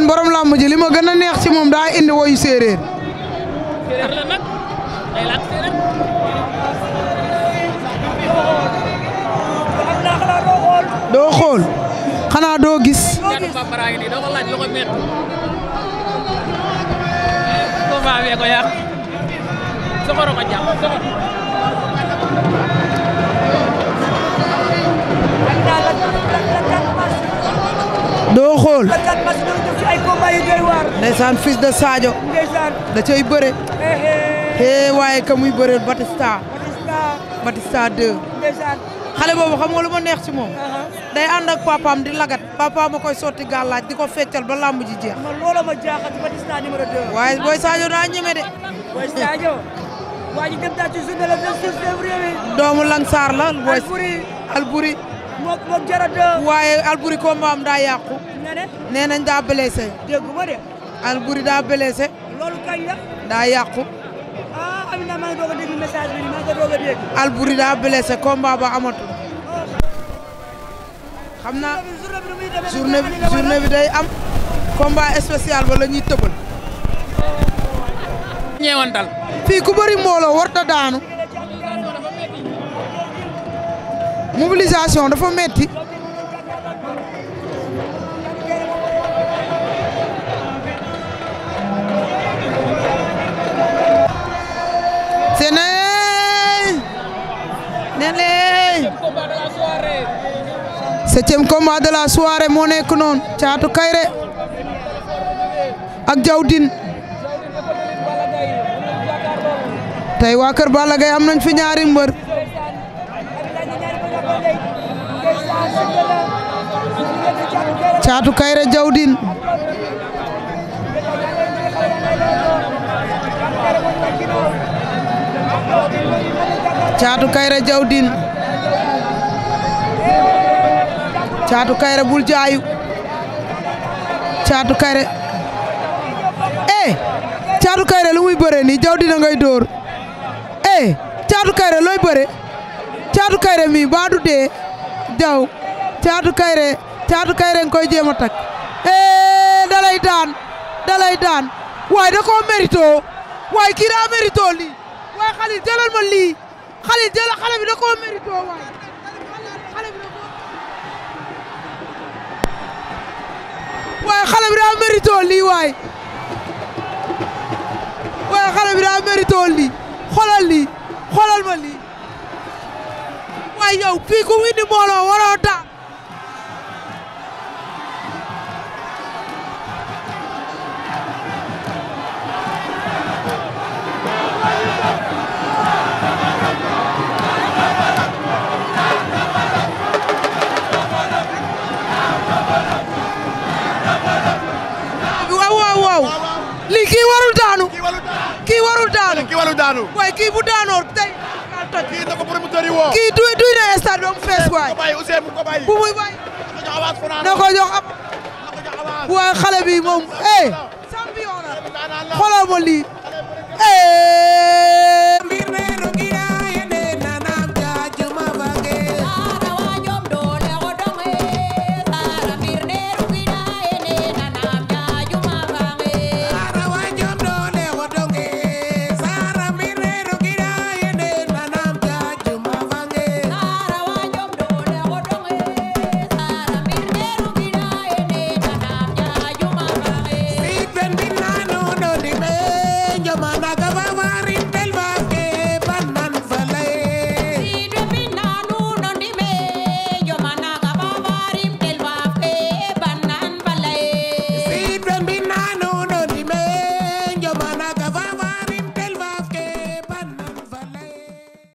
man borom làmb li ma gën a neex ci moom daa indi woyu séeréer. doo xool xanaa doo gis. doo xool. yu doy waar. ndeysaan fils de Sadio. bëre. Eh, eh. eh waaye ka muy bëreel Batista. Batista 2. xale boobu xam nga lu ma neex ci moom. Uh-huh. day ànd ak papaam di lagat papaam a koy sotti gàllaaj di ko feccal ba làmb ji jeex. man waaye booy Sadio daa ñeme de. booy Sadio. waa ñu dem daal ci journée le 26 février bi. doomu Lansar la. Alboury booy Alboury. moom moom Jara 2. waaye Alboury combat am daa yàqu. ne. nañ daa blessé. dégguma de. Alboury daa blessé. daa yàqu. ah Amina daa blessé combat ba amatul. xam naa journée bi journée bi day am. combat spécial ba la tëbal. fii ku bëri mbooloo warta daanu. mobilisation dafa metti septième combat de la soirée moo nekk noonu Thiatou Kairé ak Diawdine waa kër Balla am nañ fi ñaari mbër Thiatou Kairé Diawdine Thiatou Kairé Diawdine caatu kayre bul jaayu caatu kayre eh caatu kayre lu bëre nii jaw dina ngay dóor eh caatu kayre looy bëre caatu kayre mi baa du dee jaw caatu kayre caatu kayre koy jéem a takk eh dalay daan dalay daan waaye da koo mérito waaye kii daa mérito lii waaye xalil jëlal ma lii xalil jëlal xale da koo mérito waaye xale bi daa mérito lii waay waaye xale bi daa mérito lii xoolal lii xoolal ma lii waaye yow fii ku indi mbooloo waroo taa kii warul daanu. kii warul daanu kii warul daanu. waaye kii bu duy duy na stade ba mu fees waay. bu muy waay. na ko ab. waaye xale bi moom eh.